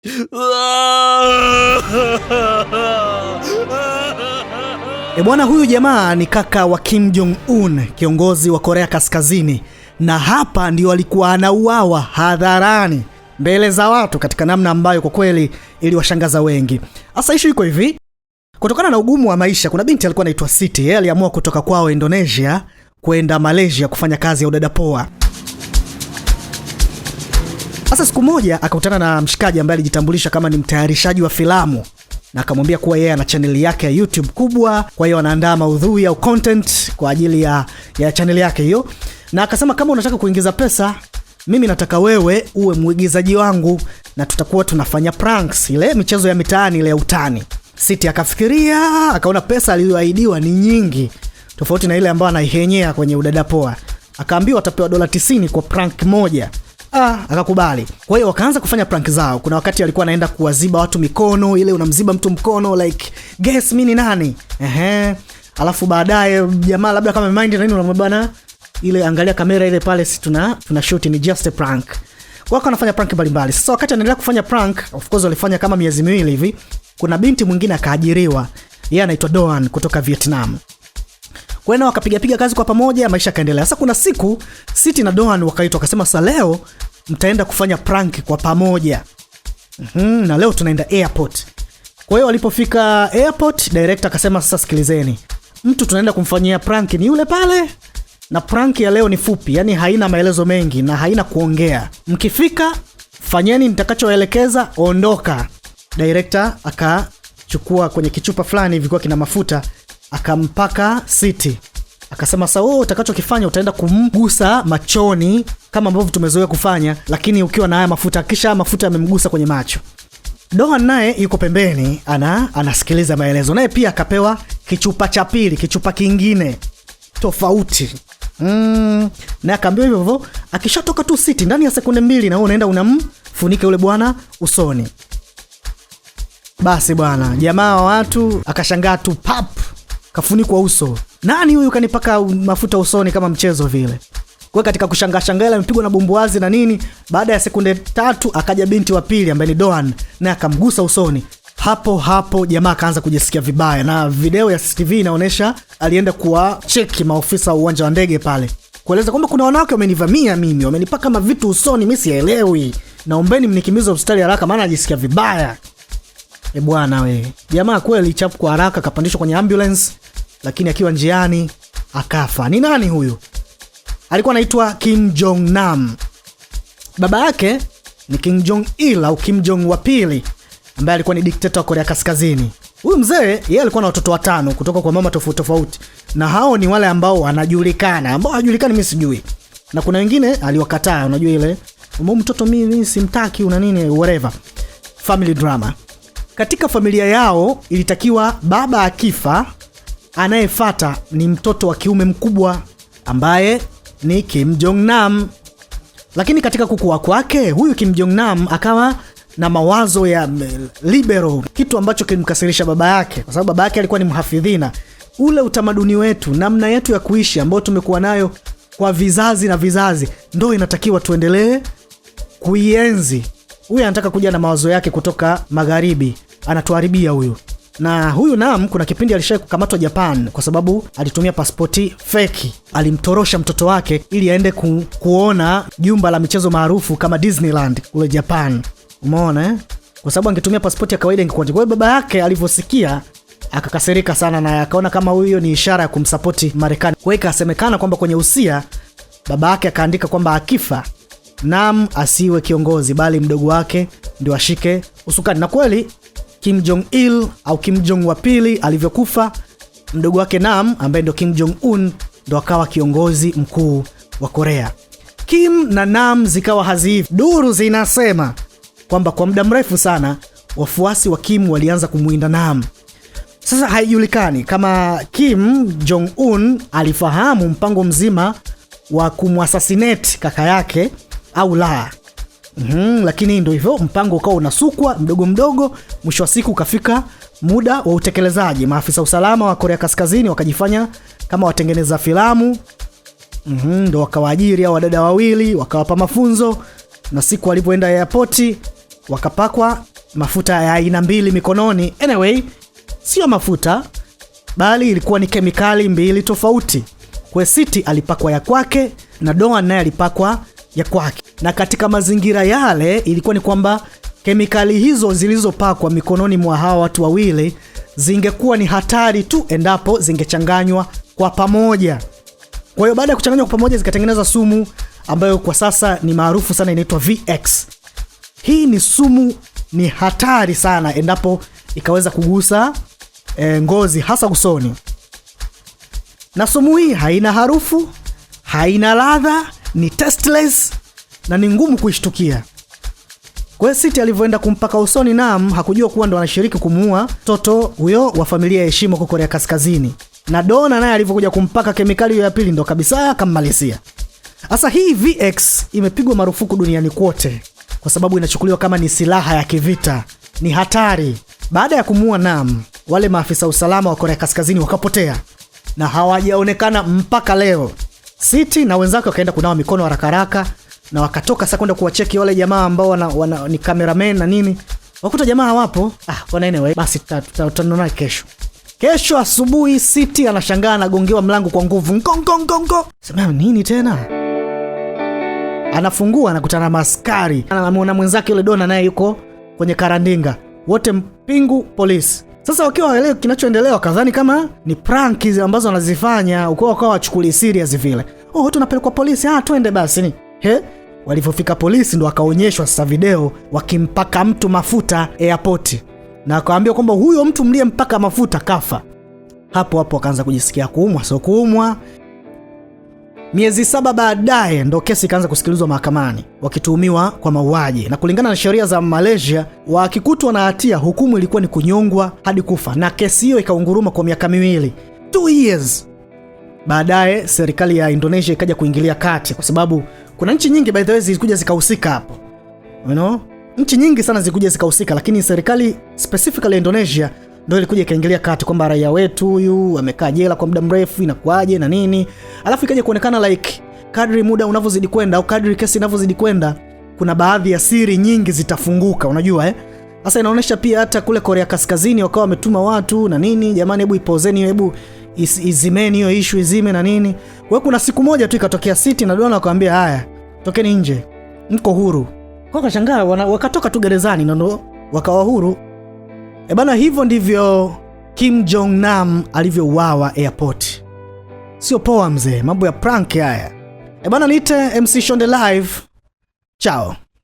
E bwana, huyu jamaa ni kaka wa Kim Jong Un, kiongozi wa Korea Kaskazini, na hapa ndio alikuwa anauawa hadharani mbele za watu katika namna ambayo kwa kweli iliwashangaza wengi. Hasa ishu iko hivi, kutokana na ugumu wa maisha, kuna binti alikuwa anaitwa City, yeye aliamua kutoka kwao Indonesia kwenda Malaysia kufanya kazi ya udada poa. Sasa siku moja akakutana na mshikaji ambaye alijitambulisha kama ni mtayarishaji wa filamu na akamwambia kuwa yeye ana chaneli yake ya YouTube kubwa, kwa hiyo anaandaa maudhui au content kwa ajili ya, ya chaneli yake hiyo, na akasema kama unataka kuingiza pesa mimi nataka wewe uwe mwigizaji wangu na tutakuwa tunafanya pranks, ile michezo ya mitaani ile ya utani. Siti akafikiria akaona pesa aliyoahidiwa ni nyingi, tofauti na ile ambayo anaihenyea kwenye udada poa. Akaambiwa atapewa dola tisini kwa prank moja. Ah, akakubali. Kwa hiyo wakaanza kufanya prank zao. Kuna wakati alikuwa anaenda kuwaziba watu mikono, ile unamziba mtu mkono like guess mimi ni nani? Ehe. Alafu baadaye jamaa labda kama mind na nini unamwambia ile angalia kamera ile pale si tuna tuna shoot ni just a prank. Wako wanafanya prank mbalimbali. Sasa wakati anaendelea kufanya prank, of course walifanya kama miezi miwili hivi. Kuna binti mwingine akaajiriwa. Yeye anaitwa Doan kutoka Vietnam. Kwa wakapigapiga kazi kwa pamoja, maisha akaendelea Sasa kuna siku Siti na Doan wakaitwa wakasema, sa leo mtaenda kufanya prank kwa pamoja. Mm-hmm, na leo tunaenda airport. Kwa hiyo walipofika airport, direkta akasema, sasa sikilizeni, mtu tunaenda kumfanyia prank ni yule pale, na prank ya leo ni fupi, yani haina maelezo mengi na haina kuongea. Mkifika fanyeni nitakachoelekeza, ondoka. direkta akachukua kwenye kichupa fulani vilikuwa kina mafuta akampaka siti, akasema sa wewe utakachokifanya utaenda kumgusa machoni kama ambavyo tumezoea kufanya, lakini ukiwa na haya mafuta. Kisha mafuta yamemgusa kwenye macho. Dohan naye yuko pembeni, ana anasikiliza maelezo, naye pia akapewa kichupa cha pili, kichupa kingine tofauti mm, na akaambiwa hivyo hivyo, akishatoka tu siti ndani ya sekunde mbili, na wewe unaenda unamfunike yule bwana usoni. Basi bwana, jamaa wa watu akashangaa tu papu kafunikwa uso. Nani huyu kanipaka mafuta usoni kama mchezo vile? Kwa katika kushangaa shangaa amepigwa na bumbuazi na nini, baada ya sekunde tatu akaja binti wa pili ambaye ni Doan na akamgusa usoni. Hapo hapo jamaa akaanza kujisikia vibaya, na video ya CCTV inaonyesha alienda kuwa cheki maofisa wa uwanja wa ndege pale, kueleza kwamba kuna wanawake wamenivamia mimi, wamenipaka mavitu usoni, mimi sielewi, naombeni mnikimbize hospitali haraka, maana najisikia vibaya. E bwana we, jamaa kweli chapu kwa haraka, kapandishwa kwenye ambulance lakini akiwa njiani akafa. Ni nani huyu? Alikuwa anaitwa Kim Jong Nam. Baba yake ni Kim Jong Il au Kim Jong wa pili ambaye alikuwa ni dikteta wa Korea Kaskazini. Huyu mzee yeye alikuwa na watoto watano kutoka kwa mama tofauti tofauti, na hao ni wale ambao wanajulikana, ambao hajulikani mimi sijui, na kuna wengine aliwakataa. Unajua ile mtoto mimi simtaki, una nini, whatever, family drama. Katika familia yao ilitakiwa baba akifa anayefata ni mtoto wa kiume mkubwa ambaye ni Kim Jong Nam. Lakini katika kukua kwake huyu Kim Jong Nam akawa na mawazo ya liberal, kitu ambacho kilimkasirisha baba yake, kwa sababu baba yake alikuwa ni mhafidhina. Ule utamaduni wetu, namna yetu ya kuishi ambayo tumekuwa nayo kwa vizazi na vizazi, ndo inatakiwa tuendelee kuienzi. Huyu anataka kuja na mawazo yake kutoka magharibi, anatuharibia huyu na huyu Nam kuna kipindi alishai kukamatwa Japan kwa sababu alitumia paspoti feki. Alimtorosha mtoto wake ili aende ku, kuona jumba la michezo maarufu kama Disneyland kule Japan. Umeona eh? Kwa sababu angetumia paspoti ya kawaida ingekuwa. Kwa hiyo baba yake alivyosikia akakasirika sana, na akaona kama huyo ni ishara ya kumsapoti Marekani. Kwa hiyo ikasemekana kwamba kwenye usia baba yake akaandika kwamba akifa Nam asiwe kiongozi, bali mdogo wake ndio ashike usukani, na kweli Kim Jong Il au Kim Jong wa pili alivyokufa, mdogo wake Nam ambaye ndo Kim Jong Un ndo akawa kiongozi mkuu wa Korea. Kim na Nam zikawa haziivi. Duru zinasema kwamba kwa muda mrefu sana wafuasi wa Kim walianza kumwinda Nam. Sasa haijulikani kama Kim Jong Un alifahamu mpango mzima wa kumwasasinate kaka yake au la, Mm, lakini ndio hivyo, mpango ukawa unasukwa mdogo mdogo, mwisho wa siku ukafika muda wa utekelezaji. Maafisa usalama wa Korea Kaskazini wakajifanya kama watengeneza filamu mm -hmm, ndo wakawaajiri au wadada wawili wakawapa mafunzo, na siku walipoenda airport wakapakwa mafuta ya aina mbili mikononi. Anyway, sio mafuta bali ilikuwa ni kemikali mbili tofauti. Kwesiti alipakwa ya kwake na Doan naye alipakwa ya kwake, na katika mazingira yale ilikuwa ni kwamba kemikali hizo zilizopakwa mikononi mwa hawa watu wawili zingekuwa ni hatari tu endapo zingechanganywa kwa pamoja. Kwa hiyo baada ya kuchanganywa kwa pamoja zikatengeneza sumu ambayo kwa sasa ni maarufu sana, inaitwa VX. Hii ni sumu, ni hatari sana endapo ikaweza kugusa e, ngozi hasa usoni. Na sumu hii haina harufu, haina ladha ni testless na ni ngumu kuishtukia. Kwa City alivyoenda kumpaka usoni Nam, hakujua kuwa ndo anashiriki kumuua mtoto huyo wa familia ya heshima huko Korea Kaskazini, na Dona naye alivyokuja kumpaka kemikali hiyo ya pili ndo kabisa akammalizia. Sasa hii VX imepigwa marufuku duniani kote kwa sababu inachukuliwa kama ni silaha ya kivita, ni hatari. Baada ya kumuua Nam, wale maafisa usalama wa Korea Kaskazini wakapotea na hawajaonekana mpaka leo. City na wenzake wakaenda kunawa mikono haraka haraka na wakatoka sasa kwenda kuwacheki wale jamaa ambao wana, wana, ni cameraman na nini. Wakuta jamaa hawapo. Ah, bwana wewe? basi tutaonana kesho. Kesho asubuhi City anashangaa anagongewa mlango kwa nguvu. Ngongo ngongo. Sema nini tena? Anafungua anakutana na maskari. Anamuona mwenzake yule Dona naye yuko kwenye karandinga. Wote mpingu polisi. Sasa wakiwa waelewe kinachoendelea wakadhani kama ni prank hizi ambazo wanazifanya, uko wakawa wachukuli serious vile. Oh, tunapelekwa polisi, ah, twende basi ni. He? Walivyofika polisi ndo akaonyeshwa sasa video wakimpaka mtu mafuta airport. Na akawaambia kwamba huyo mtu mliye mpaka mafuta kafa. Hapo hapo akaanza kujisikia kuumwa, sio kuumwa, Miezi saba baadaye ndo kesi ikaanza kusikilizwa mahakamani, wakituhumiwa kwa mauaji, na kulingana na sheria za Malaysia, wakikutwa na hatia, hukumu ilikuwa ni kunyongwa hadi kufa, na kesi hiyo ikaunguruma kwa miaka miwili, two years. Baadaye serikali ya Indonesia ikaja kuingilia kati, kwa sababu kuna nchi nyingi by the way zilikuja zikahusika hapo, you know? nchi nyingi sana zilikuja zikahusika, lakini serikali specifically Indonesia ndio ilikuja ikaingilia kati kwamba raia wetu huyu amekaa jela kwa muda mrefu inakuaje na nini, alafu ikaja kuonekana like kadri muda unavyozidi kwenda au kadri kesi inavyozidi kwenda, kuna baadhi ya siri nyingi zitafunguka, unajua eh. Sasa inaonyesha pia hata kule Korea Kaskazini wakawa wametuma watu na nini, jamani, hebu ipozeni, hebu izimeni hiyo ishu, izime na nini. Kwa hiyo kuna siku moja tu ikatokea siti na dola wakamwambia, haya tokeni nje, mko huru. Kwa kashangaa, wakatoka tu gerezani na ndo wakawa huru. E bana, hivyo ndivyo Kim Jong Nam alivyouawa airport. Sio poa mzee, mambo ya prank haya. E bana, niite MC Shonde Live. Chao.